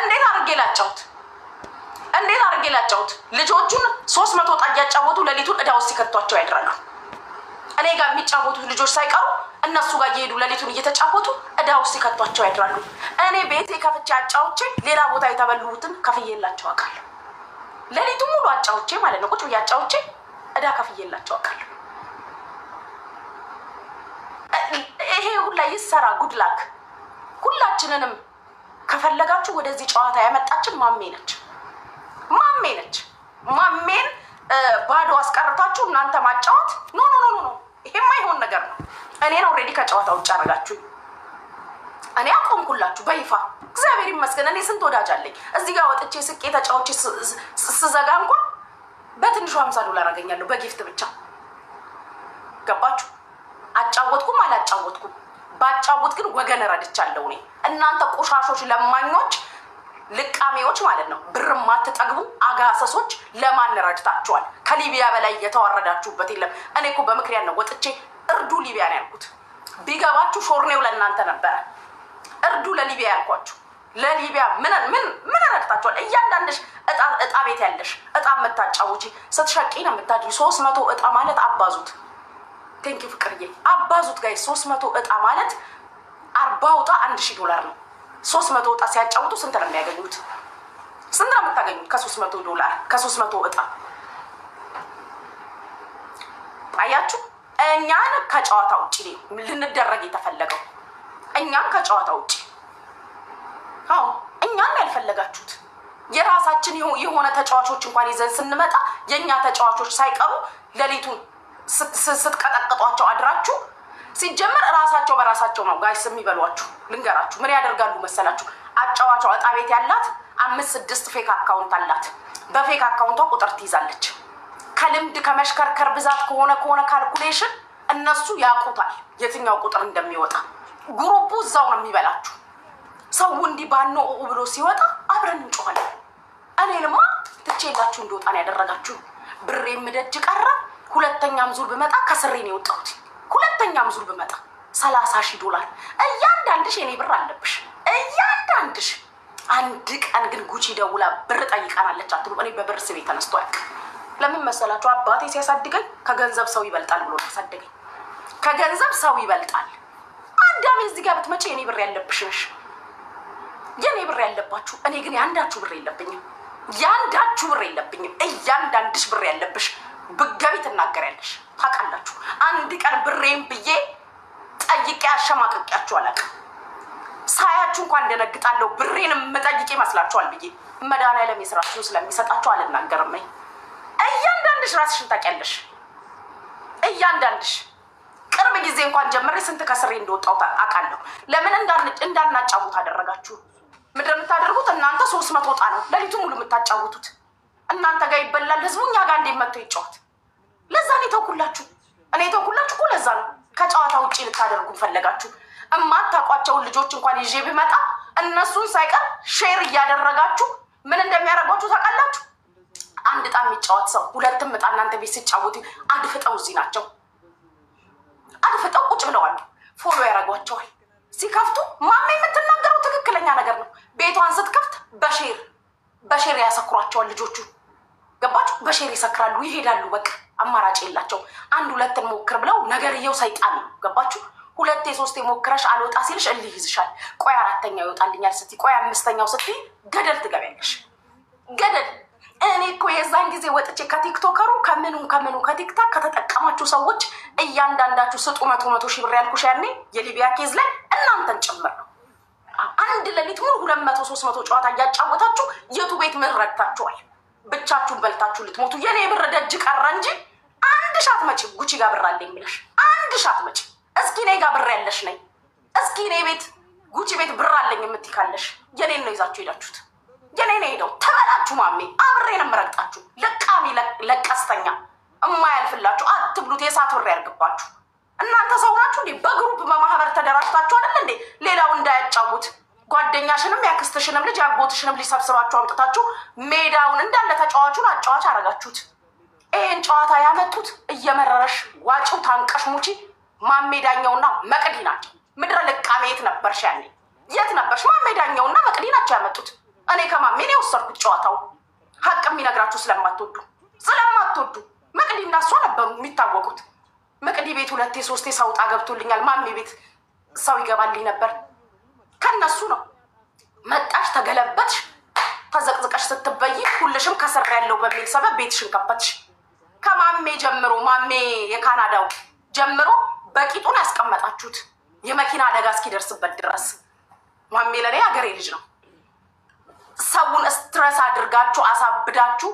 እንዴት አድርጌ ላጫውት? እንዴት አድርጌ ላጫውት? ልጆቹን ሶስት መቶ ጣ እያጫወቱ ሌሊቱን እዳ ውስጥ ሲከቷቸው ያድራሉ። እኔ ጋር የሚጫወቱ ልጆች ሳይቀሩ እነሱ ጋር እየሄዱ ሌሊቱን እየተጫወቱ እዳ ውስጥ ሲከቷቸው ያድራሉ። እኔ ቤቴ ከፍቼ አጫውቼ ሌላ ቦታ የተበልሁትን ከፍዬላቸው አውቃለሁ። ሌሊቱን ሙሉ አጫውቼ ማለት ነው ቁጭ ብዬ አጫውቼ እዳ ከፍዬላቸው አውቃለሁ። ይሄ ሁላ ይሰራ ጉድላክ ሁላችንንም ከፈለጋችሁ ወደዚህ ጨዋታ ያመጣችን ማሜ ነች። ማሜ ነች። ማሜን ባዶ አስቀርታችሁ እናንተ ማጫወት ኖ ኖ ኖ ኖ፣ ይሄማ ይሆን ነገር ነው። እኔን ኦልሬዲ ከጨዋታ ውጭ አረጋችሁ። እኔ አቆምኩላችሁ በይፋ እግዚአብሔር ይመስገን። እኔ ስንት ወዳጅ አለኝ እዚህ ጋር ወጥቼ ስቄ ተጫዎቼ ስዘጋ እንኳን በትንሹ ሀምሳ ዶላር አገኛለሁ በጊፍት ብቻ። ገባችሁ? አጫወትኩም አላጫወትኩም ባጫውት ግን ወገን ረድቻለሁ። እኔ እናንተ ቆሻሾች፣ ለማኞች፣ ልቃሜዎች ማለት ነው። ብር ማትጠግቡ አጋሰሶች ለማን ረድታችኋል? ከሊቢያ በላይ የተዋረዳችሁበት የለም። እኔ እኮ በምክንያት ነው ወጥቼ እርዱ ሊቢያ ነው ያልኩት። ቢገባችሁ ሾርኔው ለእናንተ ነበረ። እርዱ ለሊቢያ ያልኳችሁ ለሊቢያ ምን ምን ምን ረድታችኋል? እያንዳንድሽ እጣ ቤት ያለሽ እጣ የምታጫውቺ ስትሸቂ ነው የምታድሪ። ሶስት መቶ እጣ ማለት አባዙት ቴንኪ ፍቅርዬ አባዙት ጋይ ሶስት መቶ እጣ ማለት አርባ እጣ አንድ ሺህ ዶላር ነው። ሶስት መቶ እጣ ሲያጫውቱ ስንት ነው የሚያገኙት? ስንት ነው የምታገኙት? ከሶስት መቶ ዶላር ከሶስት መቶ እጣ አያችሁ። እኛን ከጨዋታ ውጭ ልንደረግ የተፈለገው እኛን ከጨዋታ ውጭ አዎ፣ እኛን ያልፈለጋችሁት የራሳችን የሆነ ተጫዋቾች እንኳን ይዘን ስንመጣ የእኛ ተጫዋቾች ሳይቀሩ ሌሊቱን ስትቀጠቅጧቸው አድራችሁ ሲጀመር እራሳቸው በራሳቸው ነው ጋይስ የሚበሏችሁ። ልንገራችሁ ምን ያደርጋሉ መሰላችሁ? አጫዋቸው እጣ ቤት ያላት አምስት ስድስት ፌክ አካውንት አላት። በፌክ አካውንቷ ቁጥር ትይዛለች። ከልምድ ከመሽከርከር ብዛት ከሆነ ከሆነ ካልኩሌሽን እነሱ ያውቁታል የትኛው ቁጥር እንደሚወጣ። ጉሩቡ እዛው ነው የሚበላችሁ። ሰው እንዲህ ባኖ ብሎ ሲወጣ አብረን እንጮኋለን። ልማ ትቼላችሁ እንደወጣን ያደረጋችሁ ብሬ ምደጅ ቀረ ሁለተኛም ዙር ብመጣ ከስሬ ነው የወጣሁት። ሁለተኛም ዙር ብመጣ ሰላሳ ሺህ ዶላር እያንዳንድሽ የኔ ብር አለብሽ እያንዳንድሽ። አንድ ቀን ግን ጉቺ ደውላ ብር ጠይቀናለች አትሉ። እኔ በብር ስቤ ተነስቶ ያቅ ለምን መሰላችሁ? አባቴ ሲያሳድገኝ ከገንዘብ ሰው ይበልጣል ብሎ ያሳደገኝ። ከገንዘብ ሰው ይበልጣል። አዳሜ እዚህ ጋር ብትመጪ የኔ ብር ነሽ የኔ ብር ያለባችሁ። እኔ ግን የአንዳችሁ ብር የለብኝም። የአንዳችሁ ብር የለብኝም። እያንዳንድሽ ብር ያለብሽ ብገቢ ትናገሪያለሽ። ታውቃላችሁ፣ አንድ ቀን ብሬን ብዬ ጠይቄ አሸማቀቂያችሁ አላውቅም። ሳያችሁ እንኳን እንደነግጣለሁ ብሬን መጠይቄ ይመስላችኋል ብዬ መድኃኒዓለም የስራችሁን ስለሚሰጣችሁ አልናገርም። እያንዳንድሽ ራስሽን ታውቂያለሽ። እያንዳንድሽ ቅርብ ጊዜ እንኳን ጀምሬ ስንት ከስሬ እንደወጣው አውቃለሁ። ለምን እንዳናጫውት አደረጋችሁ? ምድር የምታደርጉት እናንተ ሶስት መቶ ወጣ ነው ለሊቱ ሙሉ የምታጫውቱት እናንተ ጋር ይበላል ህዝቡ፣ እኛ ጋር እንዴት መጥቶ ይጫወት? ለዛ ነው የተውኩላችሁ። እኔ የተውኩላችሁ እኮ ለዛ ነው። ከጨዋታ ውጭ ልታደርጉ ፈለጋችሁ። እማታውቋቸውን ልጆች እንኳን ይዤ ብመጣ እነሱን ሳይቀር ሼር እያደረጋችሁ ምን እንደሚያደርጓችሁ ታውቃላችሁ? አንድ ዕጣ የሚጫወት ሰው ሁለትም ዕጣ እናንተ ቤት ሲጫወቱ አድፍጠው እዚህ ናቸው አድፍጠው ቁጭ ብለዋል። ፎሎ ያደርጓቸዋል። ሲከፍቱ ማሜ የምትናገረው ትክክለኛ ነገር ነው። ቤቷን ስትከፍት በሼር በሼር ያሰኩሯቸዋል ልጆቹ። ገባችሁ? በሼር ይሰክራሉ፣ ይሄዳሉ። በቃ አማራጭ የላቸው። አንድ ሁለትን ሞክር ብለው ነገርየው ሰይጣን ነው። ገባችሁ? ሁለት የሶስት ሞክረሽ አልወጣ ሲልሽ እልህ ይዝሻል። ቆይ አራተኛው ይወጣልኛል ስትይ፣ ቆይ አምስተኛው ስትይ ገደል ትገቢያለሽ። ገደል እኔ እኮ የዛን ጊዜ ወጥቼ ከቲክቶከሩ ከምኑ ከምኑ ከቲክታክ ከተጠቀማችሁ ሰዎች እያንዳንዳችሁ ስጡ መቶ መቶ ሺህ ብር ያልኩሽ ያኔ የሊቢያ ኬዝ ላይ እናንተን ጭምር ነው። አንድ ሌሊት ሙሉ ሁለት መቶ ሶስት መቶ ጨዋታ እያጫወታችሁ የቱ ቤት ምን ረግታችኋል? ብቻችሁን በልታችሁ ልትሞቱ የኔ ብር ደጅ ቀረ እንጂ አንድ ሻት መጪ ጉቺ ጋር ብር አለ የሚለሽ አንድ ሻት መጪ። እስኪ እኔ ጋር ብር ያለሽ ነኝ። እስኪ እኔ ቤት ጉቺ ቤት ብር አለኝ የምትካለሽ የኔ የኔን ነው ይዛችሁ ሄዳችሁት። የኔ ነው ሄደው ተበላችሁ። ማሜ ነው የምረግጣችሁ ለቃሚ ለቀስተኛ እማያልፍላችሁ አትብሉት። የእሳት ብር ያርግባችሁ። እናንተ ሰውራችሁ እንዴ በግሩፕ በማህበር ተደራጅታችሁ አይደል እንዴ ሌላው እንዳያጫውት ጓደኛሽንም ያክስትሽንም ልጅ ያጎትሽንም ልጅ ሰብስባችሁ አምጥታችሁ ሜዳውን እንዳለ ተጫዋቹን አጫዋች አረጋችሁት። ይህን ጨዋታ ያመጡት እየመረረሽ ዋጭው ታንቀሽ ሙቺ ማሜዳኛውና መቅዲ ናቸው። ምድረ ልቃሜ የት ነበርሽ ያኔ? የት ነበርሽ? ማሜዳኛውና መቅዲ ናቸው ያመጡት። እኔ ከማሜን የወሰድኩት ጨዋታው ሀቅ የሚነግራችሁ ስለማትወዱ ስለማትወዱ መቅዲና እሷ ነበሩ የሚታወቁት። መቅዲ ቤት ሁለቴ ሶስቴ ሰውጣ ገብቶልኛል። ማሜ ቤት ሰው ይገባልኝ ነበር። ከነሱ ነው መጣሽ፣ ተገለበትሽ፣ ተዘቅዝቀሽ ስትበይ ሁልሽም ከስር ያለው በሚል ሰበብ ቤትሽን ከፈትሽ። ከማሜ ጀምሮ ማሜ የካናዳው ጀምሮ በቂጡን ያስቀመጣችሁት የመኪና አደጋ እስኪደርስበት ድረስ ማሜ ለኔ ሀገሬ ልጅ ነው። ሰውን ስትረስ አድርጋችሁ አሳብዳችሁ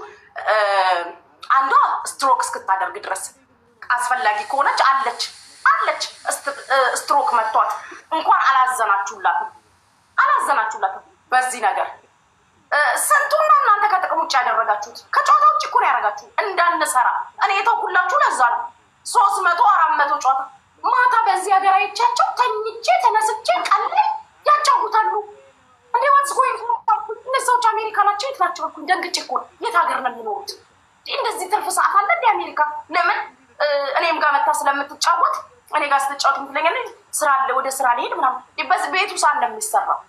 አንዷ ስትሮክ እስክታደርግ ድረስ አስፈላጊ ከሆነች አለች አለች ስትሮክ መቷት እንኳን አላዘናችሁላት። አላዘናችሁላትም በዚህ ነገር ስንቱና እናንተ ከጥቅም ውጭ ያደረጋችሁት ከጨዋታ ውጭ እኮ ነው ያደረጋችሁ እንዳንሰራ እኔ የተውኩላችሁ ለዛ ነው ሶስት መቶ አራት መቶ ጨዋታ ማታ በዚህ ሀገር አይቻቸው ተኝቼ ተነስቼ ቀሌ ያጫውታሉ እንዴ ዋትስ ጎይ እነዚህ ሰዎች አሜሪካ ናቸው የት ናቸው አልኩኝ ደንግጬ እኮ የት ሀገር ነው የሚኖሩት እንደዚህ ትርፍ ሰዓት አለ እንደ አሜሪካ ለምን እኔም ጋር መታ ስለምትጫወት እኔ ጋር ስትጫወት ምትለኛለ ስራ አለ ወደ ስራ ሊሄድ ምናምን ቤቱ ሳ እንደሚሰራው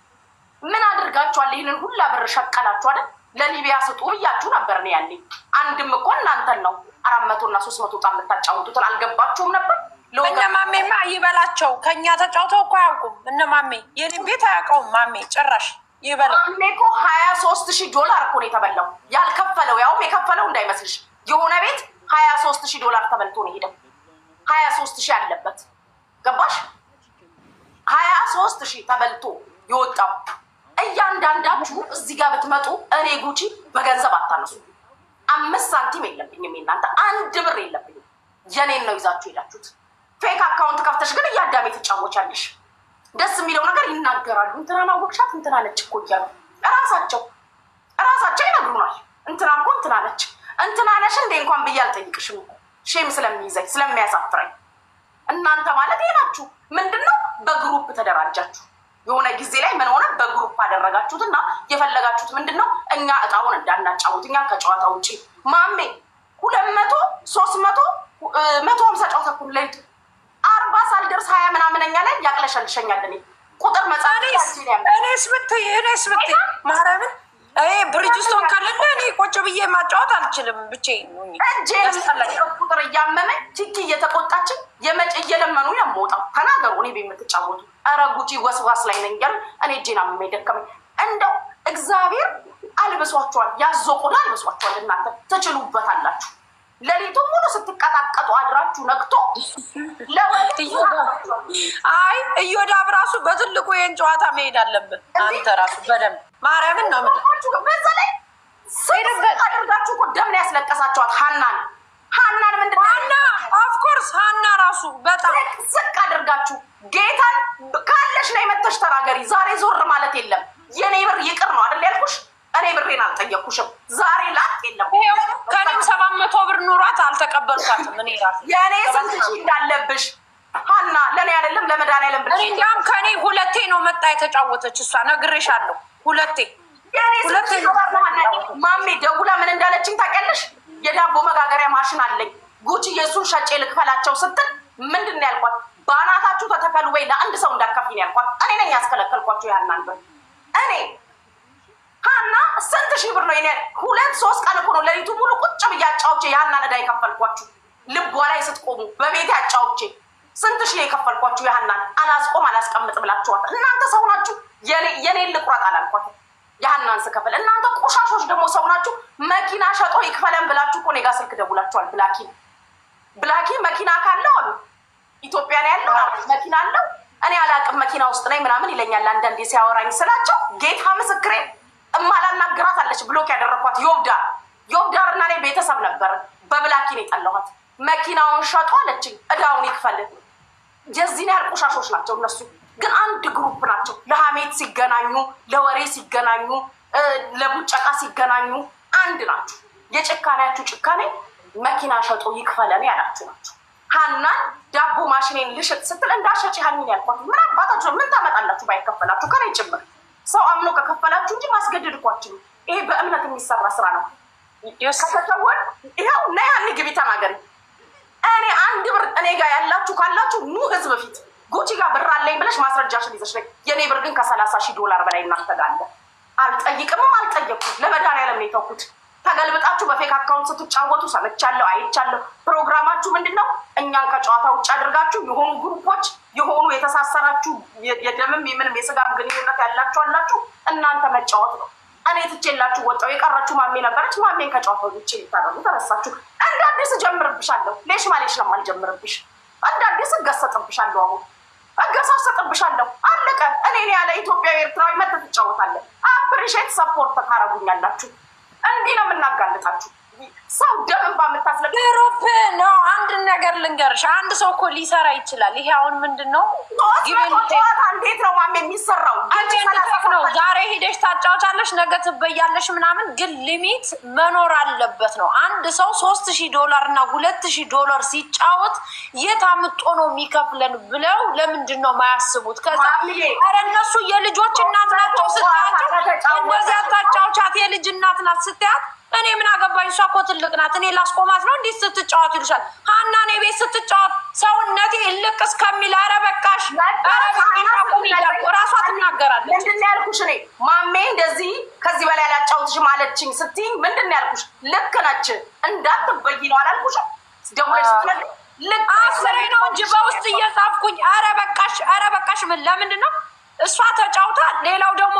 ምን አድርጋችኋል? ይህንን ሁላ ብር ሸቀላችሁ አይደል? ለሊቢያ ስጡ ብያችሁ ነበር ነው ያኔ። አንድም እኮ እናንተን ነው አራት መቶ እና ሶስት መቶ ጣ የምታጫውቱትን አልገባችሁም ነበር። እነ ማ ይበላቸው ከእኛ ተጫውተው እኮ አያውቁም። እነ ማሜ የኔን ቤት አያውቀውም። ማሜ ጭራሽ ይበላው። ማሜ እኮ ሀያ ሶስት ሺህ ዶላር እኮ ነው የተበላው ያልከፈለው፣ ያውም የከፈለው እንዳይመስልሽ የሆነ ቤት ሀያ ሶስት ሺህ ዶላር ተበልቶ ነው ሄደው። ሀያ ሶስት ሺህ አለበት ገባሽ? ሀያ ሶስት ሺህ ተበልቶ የወጣው እያንዳንዳችሁ እዚህ ጋር ብትመጡ እኔ ጉቺ በገንዘብ አታነሱ። አምስት ሳንቲም የለብኝም፣ የናንተ አንድ ብር የለብኝም። የኔን ነው ይዛችሁ ሄዳችሁት። ፌክ አካውንት ከፍተሽ ግን እያዳሜ ትጫወቻለሽ። ደስ የሚለው ነገር ይናገራሉ። እንትናን አወቅሻት እንትና ነች እኮ እያሉ እራሳቸው እራሳቸው ይነግሩናል። እንትና እኮ እንትና ነች እንትና ነሽ እንዴ እንኳን ብዬ አልጠይቅሽም። ሼም ስለሚይዘኝ ስለሚያሳፍረኝ እናንተ ማለት ይሄ ናችሁ። በግሩፕ ተደራጃችሁ የሆነ ጊዜ ላይ ምን ሆነ፣ በግሩፕ አደረጋችሁት እና የፈለጋችሁት ምንድን ነው? እኛ እቃውን እንዳናጫውት እኛ ከጨዋታ ውጭ ማሜ ሁለት መቶ ሶስት መቶ መቶ ሀምሳ ጨዋታ እኮ ሌሊቱ አርባ ሳልደርስ ሀያ ምናምነኛ ላይ ያቅለሸልሸኛል። እኔ ቁጥር መጻፍ እኔስ ብትይ እኔስ ብትይ ማርያምን ይሄ ብሪጅ ስቶን እኔ ቆጭ ብዬ ማጫወት አልችልም። ብቼ ቁጥር እያመመኝ ቲኪ እየተቆጣችን የመጭ እየለመኑ የምወጣው ተናገሩ። እኔ ቤት የምትጫወቱ ኧረ ጉጂ ወስዋስ ላይ ነኝ እያሉ እኔ እጄን አመመኝ ደከመኝ። እንደው እግዚአብሔር አልብሷቸዋል፣ ያዞ ቆዳ እናንተ ትችሉበታላችሁ። ለሊቱ ሙሉ ስትቀጣቀጡ አድራችሁ ነቅቶ አይ እዮዳብ ራሱ በትልቁ ይህን ጨዋታ መሄድ አለብን። አንተ ራሱ በደንብ ማርያምን ነው በዛ ላይ አድርጋችሁ እኮ ደምን ያስለቀሳቸዋት ሀናን ሀናን ምንድን ሀና ኦፍኮርስ ሀና ራሱ በጣም ስቅ አድርጋችሁ ጌታን ካለሽ ነው መተሽ ተናገሪ። ዛሬ ዞር ማለት የለም። የኔ ብር ይቅር ነው አይደል ያልኩሽ? እኔ ብሬን አልጠየኩሽም። ዛሬ ላጥ የለም። ከኔም ሰባት መቶ ብር ኑሯት አልተቀበልኳትም። እኔ ራሴ የእኔ ስንት ሺ እንዳለብሽ ሀና ለእኔ አይደለም ለመድኃኒዓለም ብለሽ እንዲያውም ከኔ ሁለቴ ነው መጣ የተጫወተች እሷ ነግሬሻለሁ። ሁለቴ ማሜ ደውላ ምን እንዳለችኝ ታውቂያለሽ? የዳቦ መጋገሪያ ማሽን አለኝ ጉቺ የእሱን ሸጬ ልክፈላቸው ስትል ምንድን ነው ያልኳት? በአናታችሁ ተተከሉ ወይ ለአንድ ሰው እንዳካፍል ያልኳት እኔ ነኝ ያስከለከልኳቸው። ያናንበ እኔ ሀና ስንት ሺህ ብር ነው ኔ ሁለት ሶስት ቀን እኮ ነው ሌሊቱ ሙሉ ቁጭ ብዬ አጫውቼ ያናን ዕዳ የከፈልኳችሁ ልቧ ላይ ስትቆሙ በቤት አጫውቼ ስንት ሺህ የከፈልኳችሁ ያህናን አላስቆም አላስቀምጥ ብላችኋት እናንተ ሰው ናችሁ። የኔ ልቁረጥ አላልኳት ያህናን ስከፍል እናንተ ቆሻሾች ደግሞ ሰው ናችሁ። መኪና ሸጦ ይክፈለን ብላችሁ እኮ እኔ ጋ ስልክ ደውላችኋል። ብላኪ ብላኪ መኪና ካለው አሉ ኢትዮጵያን ያለው መኪና አለው እኔ አላቅም መኪና ውስጥ ላይ ምናምን ይለኛል አንዳንዴ ሲያወራኝ ስላቸው ጌታ ምስክሬ እማላናግራት አለች ብሎክ ያደረኳት ዮብዳር ዮብዳር እና እኔ ቤተሰብ ነበር። በብላኪን የጠለኋት መኪናውን ሸጦ አለችኝ እዳውን ይክፈልል የዚህን ያህል ቆሻሾች ናቸው። እነሱ ግን አንድ ግሩፕ ናቸው። ለሀሜት ሲገናኙ፣ ለወሬ ሲገናኙ፣ ለቡጨቃ ሲገናኙ አንድ ናቸው። የጭካኔያችሁ ጭካኔ መኪና ሸጦ ይክፈለን ያላችሁ ናቸው። ሀናን ዳቦ ማሽኔን ልሽጥ ስትል እንዳሸጭ ሀኒን ያልኳት ምን አባታችሁ ምን ታመጣላችሁ? ባይከፈላችሁ ከላይ ጭምር ሰው አምኖ ከከፈላችሁ እንጂ ማስገደድ እኮ አትችሉ። ይሄ በእምነት የሚሰራ ስራ ነው። ከተሰወን ይኸው ና ያኒ ግቢ ተናገሪ እኔ አንድ ብር እኔ ጋር ያላችሁ ካላችሁ ኑ ህዝብ ፊት ጉቺ ጋር ብር አለኝ ብለሽ ማስረጃሽን ይዘሽ ነኝ። የእኔ ብር ግን ከሰላሳ ሺህ ዶላር በላይ እናተጋለ አልጠይቅምም፣ አልጠየቅኩት ለመድኃኒዓለም ነው የተውኩት። ተገልብጣችሁ በፌክ አካውንት ስትጫወቱ ሰምቻለሁ፣ አይቻለሁ። ፕሮግራማችሁ ምንድን ነው? እኛን ከጨዋታ ውጭ አድርጋችሁ የሆኑ ግሩፖች የሆኑ የተሳሰራችሁ የደምም የምንም የስጋም ግንኙነት ያላችሁ አላችሁ። እናንተ መጫወት ነው። እኔ ትቼላችሁ ወጣው የቀራችሁ ማሜ ነበረች። ማሜን ከጨዋታ ውጭ ሊታረጉ ተረሳችሁ። እንደ አዲስ እጀምርብሻለሁ። ሌሽ ማሌሽ ነው የማልጀምርብሽ። እንደ አዲስ እገሰጥብሻለሁ። አሁን እገሳሰጥብሻለሁ። አለቀ። እኔን ያለ ኢትዮጵያዊ ኤርትራዊ መተህ ትጫወታለህ። አፕሪሼት ሰፖርት ታረጉኛላችሁ። እንዲህ ነው የምናጋልጣችሁ። ሰው ደምን ባምታስለብ ሮፕ ነው። አንድ ነገር ልንገርሽ፣ አንድ ሰው እኮ ሊሰራ ይችላል። ይሄ አሁን ምንድን ነው? እንዴት ነው ማም የሚሰራው? ነው ዛሬ ሂደሽ ታጫውቻለሽ፣ ነገ ትበያለሽ ምናምን፣ ግን ሊሚት መኖር አለበት ነው። አንድ ሰው ሶስት ሺህ ዶላር እና ሁለት ሺህ ዶላር ሲጫወት የት አምጦ ነው የሚከፍለን ብለው ለምንድን ነው ማያስቡት? ከዛ ኧረ እነሱ የልጆች እናት ናቸው ስታያቸው፣ እንደዚያ ታጫውቻት የልጅ እናት ናት ስታያት እኔ ምን አገባኝ? እሷ እኮ ትልቅ ናት። እኔ ላስቆማት ነው እንዲህ ስትጫወት ይሉሻል። ሀና እኔ ቤት ስትጫወት ሰውነቴ እልቅ እስከሚል ኧረ በቃሽ እራሷ ትናገራለች። ምንድን ነው ያልኩሽ? እኔ ማሜ እንደዚህ ከዚህ በላይ አላጫውትሽም አለችኝ ስትይኝ ምንድን ነው ያልኩሽ? ልክ ነች እንዳትበይ ነው አላልኩሽም? ደውለሽ ስትመልሽ ልክ አስሬ ነው እንጂ በውስጥ እየጻፍኩኝ ኧረ በቃሽ፣ ኧረ በቃሽ ምን ለምንድን ነው እሷ ተጫውታ፣ ሌላው ደግሞ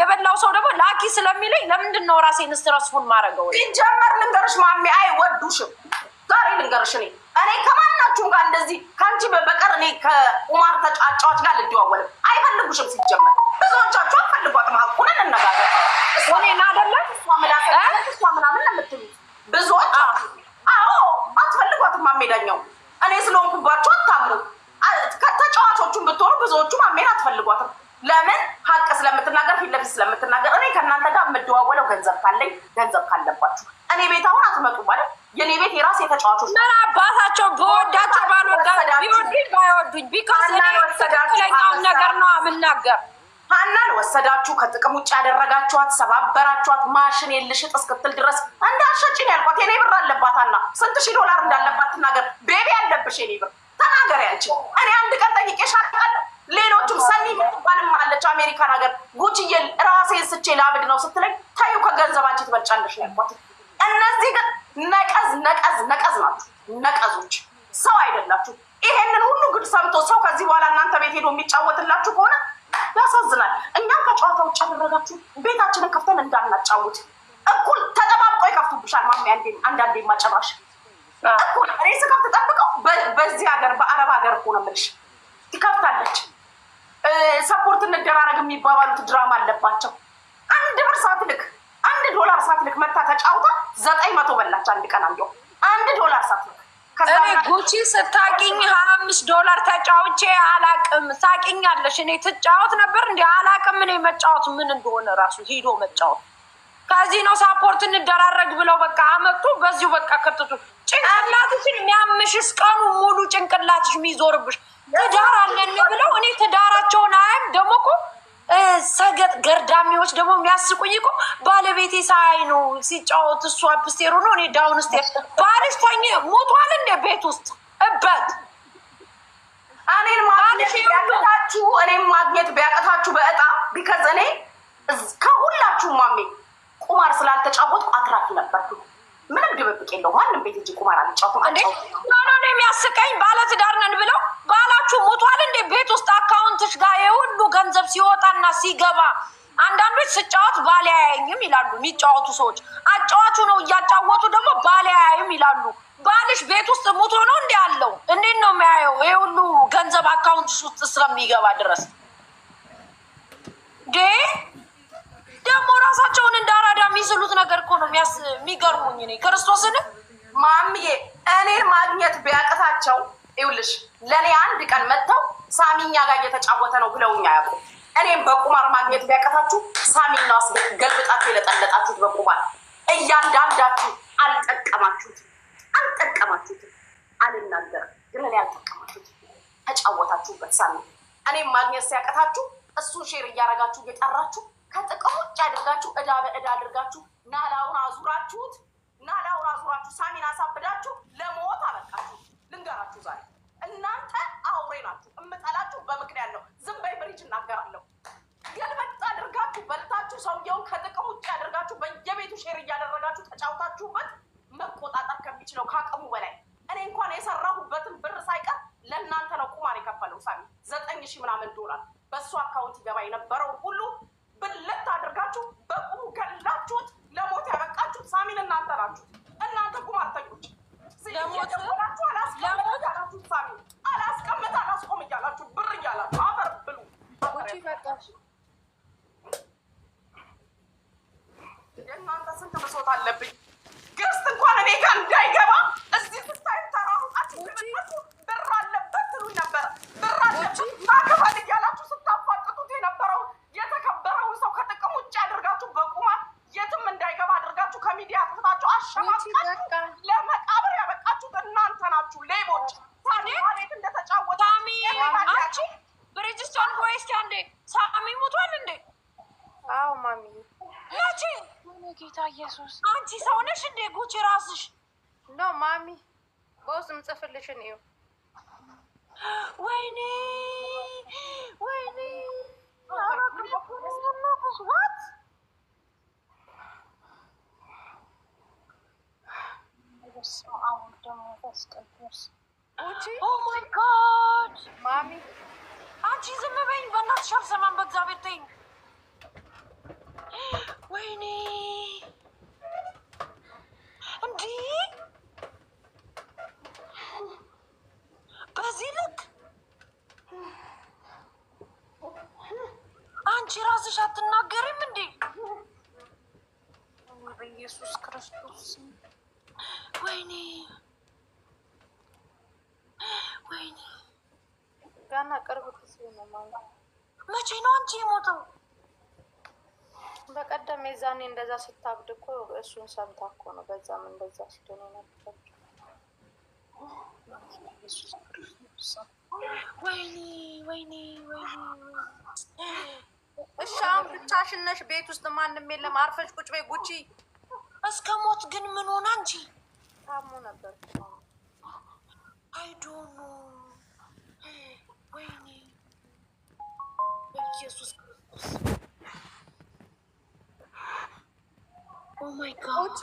የበላው ሰው ደግሞ ላኪ ስለሚለኝ ለምንድን ነው ራሴን ስትረስፉን ማድረገው? ሲጀመር ልንገርሽ ማሚ አይወዱሽም። ዛሬ ልንገርሽ እኔ እኔ ከማናችሁም ጋር እንደዚህ ከአንቺ በቀር እኔ ከኡማር ተጫጫዋች ጋር ልደዋወልም። አይፈልጉሽም። ሲጀመር ብዙዎቻችሁ አፈልጓትም። ሀቁንን እነጋገር እኔን አደለም ምናምን የምትሉ ብዙዎች አዎ፣ አትፈልጓትም። ማሜዳኛው እኔ ስለሆንኩባቸው አታምሩ ራሳችሁን ብትሆኑ ብዙዎቹ ማሜን አትፈልጓትም። ለምን ሀቅ ስለምትናገር ፊት ለፊት ስለምትናገር። እኔ ከእናንተ ጋር የምደዋወለው ገንዘብ ካለኝ ገንዘብ ካለባችሁ እኔ ቤት አሁን አትመጡ ማለት የኔ ቤት የራሴ ተጫዋቾች ምን አባታቸው በወዳቸው ባልወዳቸው ቢወዱኝ ባይወዱኝ ቢካዝ ትክክለኛውን ነገር ነው የምናገር። ሀናን ወሰዳችሁ፣ ከጥቅም ውጭ ያደረጋችኋት፣ ሰባበራችኋት። ማሽን የልሽጥ እስክትል ድረስ እንዳሸጭን ያልኳት የኔ ብር አለባት ሀና ስንት ሺህ ዶላር እንዳለባት ትናገር። ቤቢ አለብሽ የኔ ብር ተናገሪ እኔ አንድ ቀን ጠይቄሽ አውቃለሁ። ሌሎቹም ሰኒ የምትባልም አለች አሜሪካን ሀገር ጉቺዬ፣ ራሴን ስቼ ላብድ ነው ስትለኝ፣ ታዩ ከገንዘብ አንቺ ትበልጫለሽ ያልኳት። እነዚህ ግን ነቀዝ ነቀዝ ነቀዝ ናችሁ፣ ነቀዞች፣ ሰው አይደላችሁ። ይሄንን ሁሉ ግን ሰምቶ ሰው ከዚህ በኋላ እናንተ ቤት ሄዶ የሚጫወትላችሁ ከሆነ ያሳዝናል። እኛም ከጨዋታ ውጭ ያደረጋችሁ ቤታችንን ከፍተን እንዳናጫውት እኩል ተጠባብቆ ይከፍቱብሻል። ማሚ አንዳንዴ ማጨባሽ እኔ ስከፍት ጠብቀው። በዚህ ሀገር በአረብ ሀገር እኮ ነው የምልሽ። ትከፍታለች፣ ሰፖርት እንደራረግ የሚባባሉት ድራማ አለባቸው። አንድ ብር ሳትልክ አንድ ዶላር ሳትልክ መታ ተጫውታ ዘጠኝ መቶ በላች። አንድ ቀን አንዱ አንድ ዶላር ሳትልክ እኔ ጉቺ ስታቂኝ ሀያ አምስት ዶላር ተጫውቼ አላቅም። ሳቂኛለሽ። እኔ ትጫወት ነበር እንዲ አላቅም። እኔ መጫወት ምን እንደሆነ ራሱ ሂዶ መጫወት ከዚህ ነው። ሳፖርት እንደራረግ ብለው በቃ አመጡ። በዚሁ በቃ ከትቱ ጭንቅላትሽን የሚያምሽስ ቀኑ ሙሉ ጭንቅላትሽ የሚዞርብሽ ትዳር አለን ብለው እኔ ትዳራቸውን አያም ደግሞ እኮ ሰገጥ ገርዳሚዎች ደግሞ የሚያስቁኝ እኮ ባለቤቴ ሳይ ነው ሲጫወት እሱ አፕስቴሩ ነው እኔ ዳውን ስቴር ባልሽ ተኝ ሞቷል እንደ ቤት ውስጥ እበት እኔን ማግኘት ቢያቅታችሁ እኔን ማግኘት ቢያቅታችሁ በእጣ ቢከዝ እኔ ከሁላችሁ ማሜ ቁማር ስላልተጫወትኩ አትራፊ ነበርኩ። ምንም ድብብቅ የለው። ማንም ቤት እጅ ቁማር አልጫወትም። ኖኖ የሚያስቀኝ ባለትዳር ነን ብለው ባላችሁ ሞቷል እንዴ? ቤት ውስጥ አካውንትሽ ጋር የሁሉ ገንዘብ ሲወጣና ሲገባ አንዳንዶች ስጫወት ባል አያይም ይላሉ። የሚጫወቱ ሰዎች አጫዋቹ ነው እያጫወቱ ደግሞ ባል አያይም ይላሉ። ባልሽ ቤት ውስጥ ሙቶ ነው እንዲ አለው። እንዴት ነው የሚያየው? ይህ ሁሉ ገንዘብ አካውንት ውስጥ ስለሚገባ ድረስ ዴ ደግሞ ራሳቸውን እንደ አራዳ የሚስሉት ነገር እኮ ነው የሚገርሙኝ። እኔ ክርስቶስን ማምዬ እኔን ማግኘት ቢያቅታቸው ይውልሽ ለእኔ አንድ ቀን መጥተው ሳሚኛ ጋር እየተጫወተ ነው ብለውኛ ያቁ እኔም በቁማር ማግኘት ቢያቀታችሁ ሳሚና ስ ገልብጣችሁ የለጠለጣችሁት በቁማር እያንዳንዳችሁ አልጠቀማችሁት አልጠቀማችሁት አልናገር ግን እኔ አልጠቀማችሁት ተጫወታችሁበት። ሳሚ እኔም ማግኘት ሲያቀታችሁ እሱን ሼር እያረጋችሁ እየጠራችሁ ከጥቅም ውጭ አድርጋችሁ እዳ በእዳ አድርጋችሁ ናላውን አዙራችሁት ናላውን አዙራችሁ ሳሚን አሳብዳችሁ ማሚ መቼ ጌታ ኢየሱስ አንቺ ሰው ነሽ እንዴ? ጉቺ ራስሽ ነው ማሚ። በውስጥ ምጽፍልሽን እዩ። ወይኔ ወይኔ ማሚ አንቺ ዝም በይኝ በእናትሽ፣ አልሰማም በእግዚአብሔር ተይኝ። መቼ ነው አንቺ የሞተው? በቀደም የዛኔ እንደዛ ስታብድ እኮ እሱን ሰምታ እኮ ነው። በዛም እንደዛ ስትሆን ነበር። ወይኔ ወይኔ ወይኔ። እሺ አሁን ብቻሽን ነሽ፣ ቤት ውስጥ ማንም የለም። አርፈሽ ቁጭ በይ ጉቺ። እስከ ሞት ግን ምን ሆና እንጂ ታሞ ነበር። አይዶኑ ወይኔ ኢየሱስ ክርስቶስ ኦ ማይ ጋድ